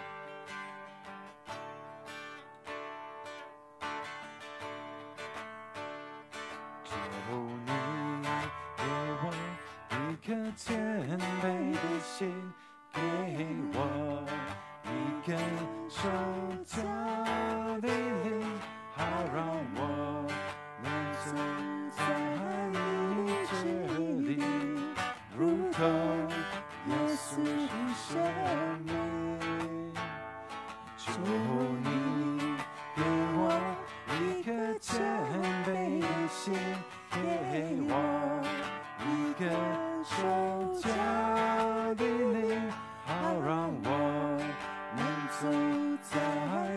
請給我一個手腳的你，好讓我能走在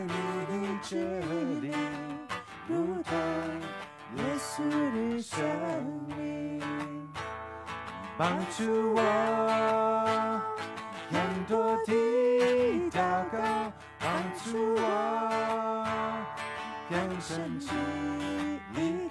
你的腳裡，如同耶穌的生命，幫助我更多地禱告，幫助我更神奇。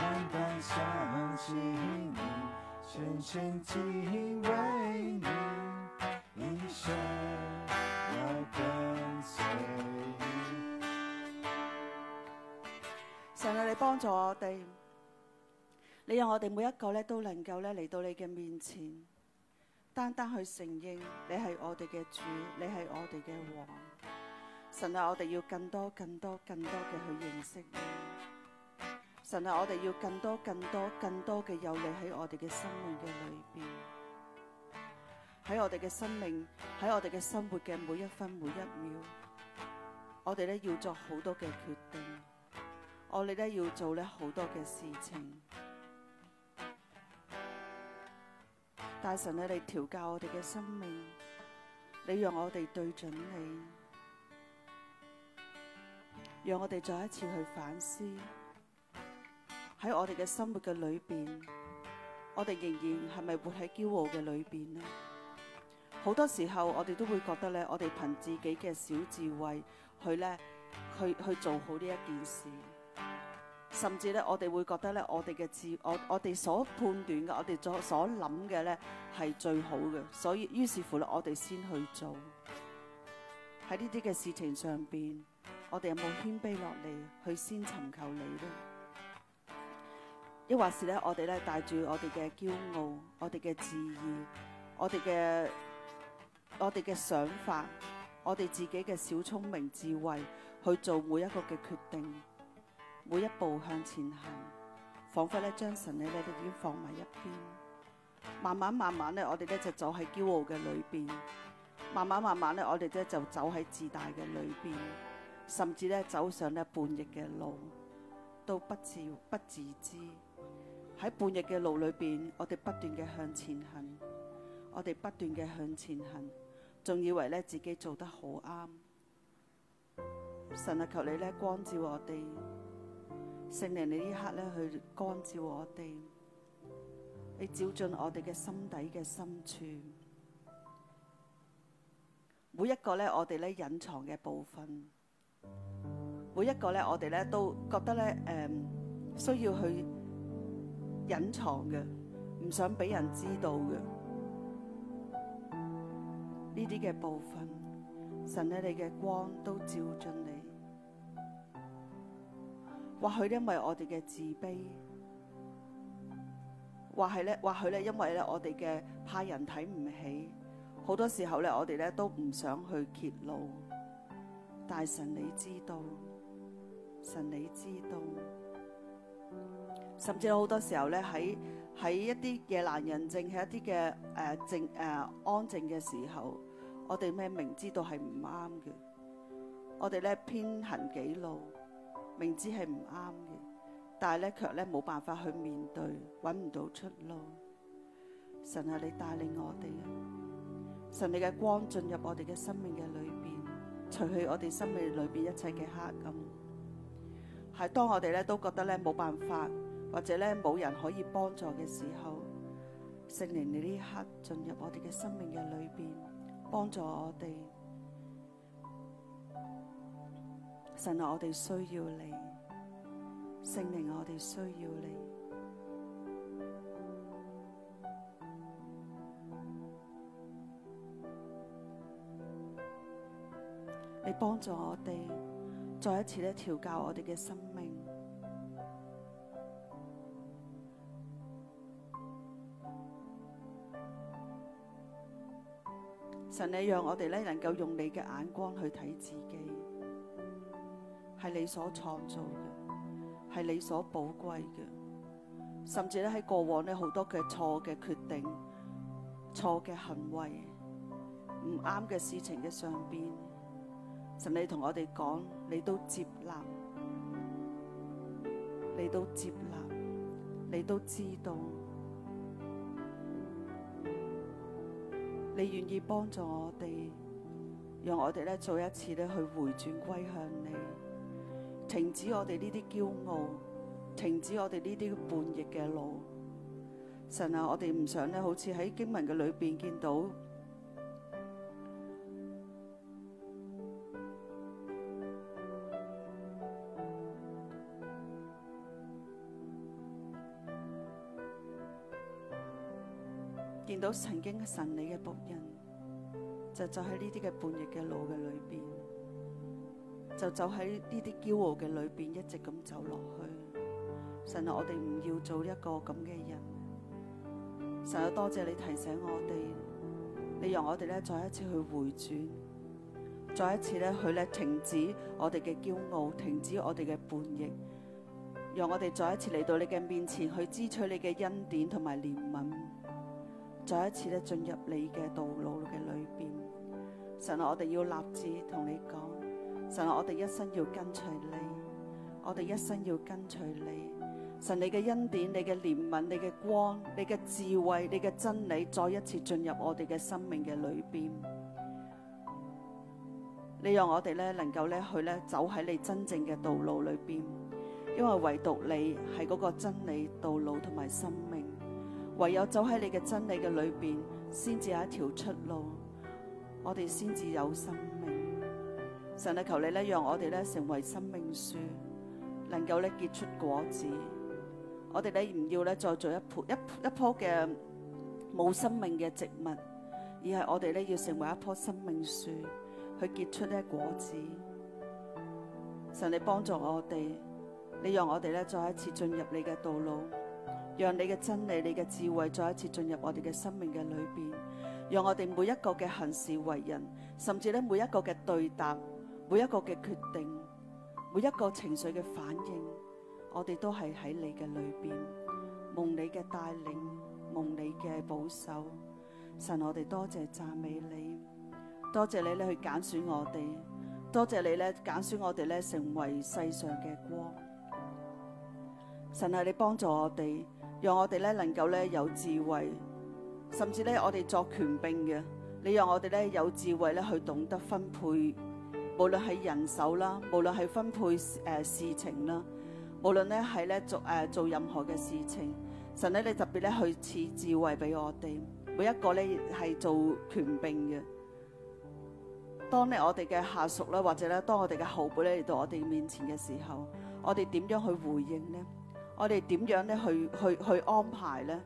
單單想起你，深深敬畏你，一生要跟隨。神你幫助我哋，你讓我哋每一個咧都能夠咧嚟到你嘅面前，單單去承認你係我哋嘅主，你係我哋嘅王。神啊，我哋要更多、更多、更多嘅去認識你。神啊，我哋要更多、更多、更多嘅有你喺我哋嘅生命嘅裏邊，喺我哋嘅生命，喺我哋嘅生活嘅每一分每一秒，我哋咧要做好多嘅決定，我哋咧要做咧好多嘅事情，大神啊，你調教我哋嘅生命，你讓我哋對準你，讓我哋再一次去反思。喺我哋嘅生活嘅裏邊，我哋仍然係咪活喺驕傲嘅裏邊呢？好多時候我哋都會覺得咧，我哋憑自己嘅小智慧去咧，去去做好呢一件事，甚至咧我哋會覺得咧，我哋嘅自我，我哋所判斷嘅，我哋所所諗嘅咧係最好嘅，所以於是乎咧，我哋先去做。喺呢啲嘅事情上邊，我哋有冇謙卑落嚟去先尋求你呢？抑或是咧，我哋咧帶住我哋嘅驕傲、我哋嘅志意、我哋嘅我哋嘅想法、我哋自己嘅小聰明智慧去做每一個嘅決定，每一步向前行，彷彿咧將神咧咧都已經放埋一邊，慢慢慢慢咧，我哋咧就走喺驕傲嘅裏邊，慢慢慢慢咧，我哋咧就走喺自大嘅裏邊，甚至咧走上咧叛逆嘅路，都不自不自知。喺半日嘅路裏邊，我哋不斷嘅向前行，我哋不斷嘅向前行，仲以為咧自己做得好啱。神啊，求你咧光照我哋，聖靈你呢刻咧去光照我哋，你照進我哋嘅心底嘅深處，每一個咧我哋咧隱藏嘅部分，每一個咧我哋咧都覺得咧誒、呃、需要去。隱藏嘅，唔想俾人知道嘅呢啲嘅部分，神喺你嘅光都照進你。或許因為我哋嘅自卑，或係咧，或許咧，因為咧，我哋嘅怕人睇唔起，好多時候咧，我哋咧都唔想去揭露。但係神你知道，神你知道。甚至好多時候咧，喺喺一啲嘅夜闌人靜，喺一啲嘅誒靜誒、呃、安靜嘅時候，我哋咩明知道係唔啱嘅，我哋咧偏行己路，明知係唔啱嘅，但係咧卻咧冇辦法去面對，揾唔到出路。神啊，你帶領我哋啊！神啊，你嘅光進入我哋嘅生命嘅裏邊，除去我哋生命裏邊一切嘅黑暗。係當我哋咧都覺得咧冇辦法。或者咧冇人可以幫助嘅時候，聖靈你呢一刻進入我哋嘅生命嘅裏邊，幫助我哋。神啊，我哋需要你，聖靈，我哋需要你，你幫助我哋再一次咧調教我哋嘅生命。神你，讓我哋咧能夠用你嘅眼光去睇自己，係你所創造嘅，係你所寶貴嘅，甚至咧喺過往咧好多嘅錯嘅決定、錯嘅行為、唔啱嘅事情嘅上邊，神你同我哋講，你都接納，你都接納，你都知道。你願意幫助我哋，讓我哋咧再一次咧去回轉歸向你，停止我哋呢啲驕傲，停止我哋呢啲叛逆嘅路。神啊，我哋唔想咧，好似喺經文嘅裏邊見到。見到曾經嘅神，你嘅僕人就走喺呢啲嘅叛逆嘅路嘅裏邊，就走喺呢啲驕傲嘅裏邊，一直咁走落去。神啊，我哋唔要做一個咁嘅人。神啊，多謝你提醒我哋，你讓我哋咧再一次去回轉，再一次咧去咧停止我哋嘅驕傲，停止我哋嘅叛逆，讓我哋再一次嚟到你嘅面前去支取你嘅恩典同埋憐憫。再一次咧進入你嘅道路嘅裏邊，神啊，我哋要立志同你講，神啊，我哋一生要跟隨你，我哋一生要跟隨你。神，你嘅恩典、你嘅憐憫、你嘅光、你嘅智慧、你嘅真理，再一次進入我哋嘅生命嘅裏邊，你讓我哋咧能夠咧去咧走喺你真正嘅道路裏邊，因為唯獨你係個真理道路同埋生命。唯有走喺你嘅真理嘅裏邊，先至係一條出路。我哋先至有生命。神啊，求你咧，讓我哋咧成為生命樹，能夠咧結出果子。我哋咧唔要咧再做一盆一一棵嘅冇生命嘅植物，而係我哋咧要成為一棵生命樹，去結出呢果子。神，你幫助我哋，你讓我哋咧再一次進入你嘅道路。讓你嘅真理、你嘅智慧再一次進入我哋嘅生命嘅裏邊，讓我哋每一個嘅行事為人，甚至咧每一個嘅對答、每一個嘅決定、每一個情緒嘅反應，我哋都係喺你嘅裏邊，蒙你嘅帶領，蒙你嘅保守。神，我哋多謝讚美你，多謝你咧去揀選我哋，多謝你咧揀選我哋咧成為世上嘅光。神係你幫助我哋。讓我哋咧能夠咧有智慧，甚至咧我哋作權柄嘅，你讓我哋咧有智慧咧去懂得分配，無論係人手啦，無論係分配誒事情啦，無論咧係咧做誒做任何嘅事情，神咧你特別咧去賜智慧俾我哋，每一個咧係做權柄嘅，當咧我哋嘅下屬啦，或者咧當我哋嘅後輩咧嚟到我哋面前嘅時候，我哋點樣去回應呢？我哋點樣咧去去去安排咧？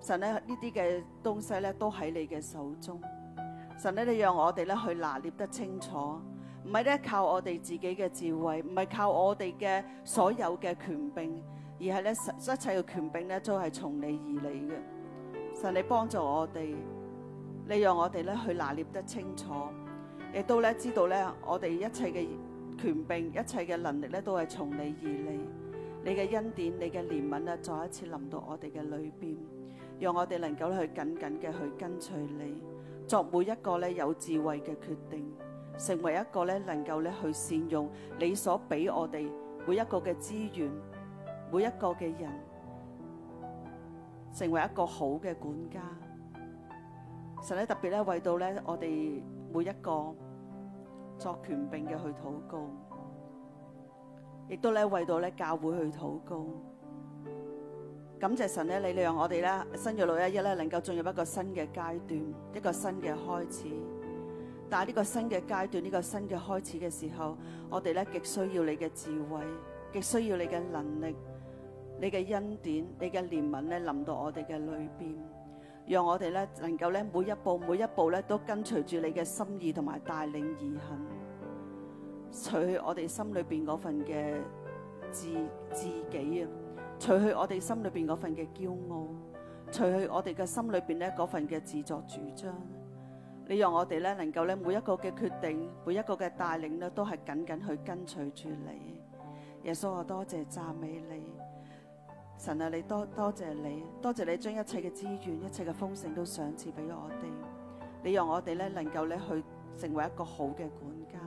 神咧呢啲嘅東西咧都喺你嘅手中。神咧，你讓我哋咧去拿捏得清楚，唔係咧靠我哋自己嘅智慧，唔係靠我哋嘅所有嘅權柄，而係咧一一切嘅權柄咧都係從你而嚟嘅。神，你幫助我哋，你讓我哋咧去拿捏得清楚，亦都咧知道咧我哋一切嘅權柄、一切嘅能力咧都係從你而嚟。你嘅恩典、你嘅憐憫咧，再一次臨到我哋嘅裏邊，讓我哋能夠咧去緊緊嘅去跟隨你，作每一個咧有智慧嘅決定，成為一個咧能夠咧去善用你所俾我哋每一個嘅資源，每一個嘅人，成為一個好嘅管家。實，咧特別咧為到咧我哋每一個作權柄嘅去禱告。亦都咧為到咧教會去禱告，感謝神咧，你讓我哋咧新約六一一咧能夠進入一個新嘅階段，一個新嘅開始。但係呢個新嘅階段，呢個新嘅開始嘅時候，我哋咧極需要你嘅智慧，極需要你嘅能力，你嘅恩典，你嘅憐憫咧臨到我哋嘅裏邊，讓我哋咧能夠咧每一步每一步咧都跟隨住你嘅心意同埋帶領而行。除去我哋心裏邊份嘅自自己啊，除去我哋心裏邊份嘅驕傲，除去我哋嘅心裏邊咧份嘅自作主張，你讓我哋咧能夠咧每一個嘅決定，每一個嘅帶領咧都係緊緊去跟隨住你。耶穌啊，我多謝讚美你，神啊，你多多謝你，多謝你將一切嘅資源、一切嘅豐盛都賞賜俾我哋，你讓我哋咧能夠咧去成為一個好嘅管家。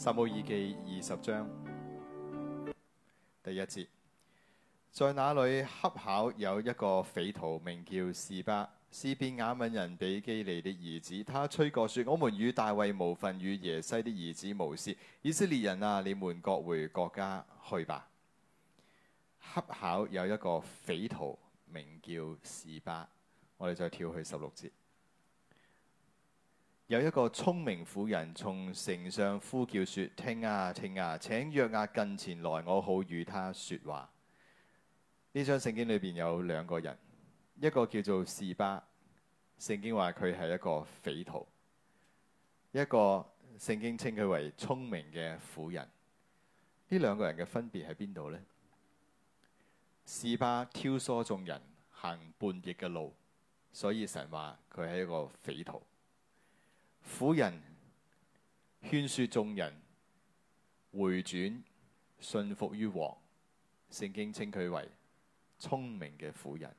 撒母耳記二十章第一節，在那裡恰巧有一個匪徒名叫示巴，是便雅憫人比基利的兒子。他吹過說：我們與大衛無份，與耶西的兒子無事。以色列人啊，你們各回各家去吧。恰巧有一個匪徒名叫示巴，我哋就跳去十六節。有一個聰明婦人從城上呼叫說：聽啊聽啊，請約押近前來，我好與他說話。呢章聖經裏邊有兩個人，一個叫做示巴，聖經話佢係一個匪徒；一個聖經稱佢為聰明嘅婦人。呢兩個人嘅分別喺邊度呢？示巴挑唆眾人行叛逆嘅路，所以神話佢係一個匪徒。婦人勸說眾人回轉信服於王，聖經稱佢為聰明嘅婦人。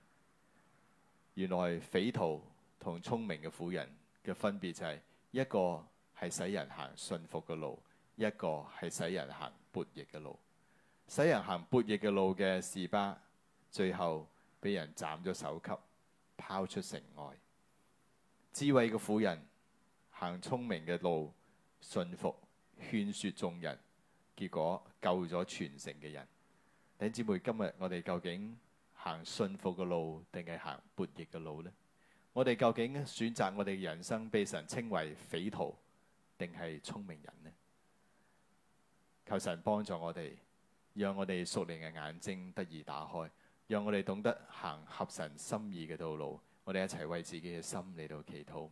原來匪徒同聰明嘅婦人嘅分別就係、是、一個係使人行信服嘅路，一個係使人行悖逆嘅路。使人行悖逆嘅路嘅示巴，最後俾人斬咗首級，拋出城外。智慧嘅婦人。行聰明嘅路，信服勸說眾人，結果救咗全城嘅人。弟兄姊妹，今日我哋究竟行信服嘅路，定係行叛逆嘅路呢？我哋究竟選擇我哋人生被神稱為匪徒，定係聰明人呢？求神幫助我哋，讓我哋熟練嘅眼睛得以打開，讓我哋懂得行合神心意嘅道路。我哋一齊為自己嘅心嚟到祈禱。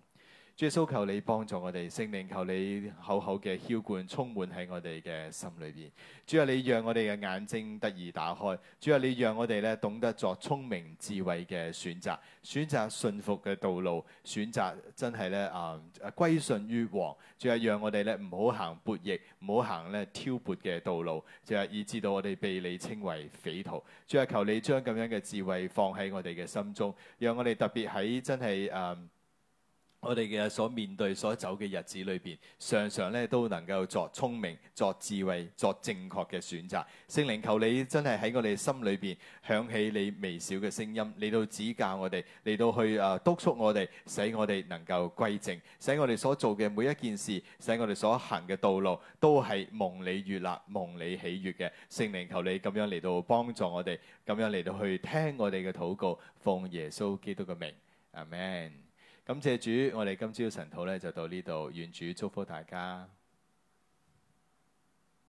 主耶穌，求你幫助我哋，聖靈求你好好嘅澆灌，充滿喺我哋嘅心裏邊。主啊，你讓我哋嘅眼睛得以打開。主啊，你讓我哋咧懂得作聰明智慧嘅選擇，選擇順服嘅道路，選擇真係咧啊歸順於王。主啊，讓我哋咧唔好行叛逆，唔好行咧挑撥嘅道路。主啊，以至到我哋被你稱為匪徒。主啊，求你將咁樣嘅智慧放喺我哋嘅心中，讓我哋特別喺真係啊。呃我哋嘅所面對、所走嘅日子裏邊，常常咧都能夠作聰明、作智慧、作正確嘅選擇。聖靈求你真係喺我哋心裏邊響起你微小嘅聲音，嚟到指教我哋，嚟到去啊督促我哋，使我哋能夠歸正，使我哋所做嘅每一件事，使我哋所行嘅道路都係蒙你悅納、蒙你喜悅嘅。聖靈求你咁樣嚟到幫助我哋，咁樣嚟到去聽我哋嘅禱告，奉耶穌基督嘅名，阿門。感謝主，我哋今朝晨禱呢就到呢度，願主祝福大家。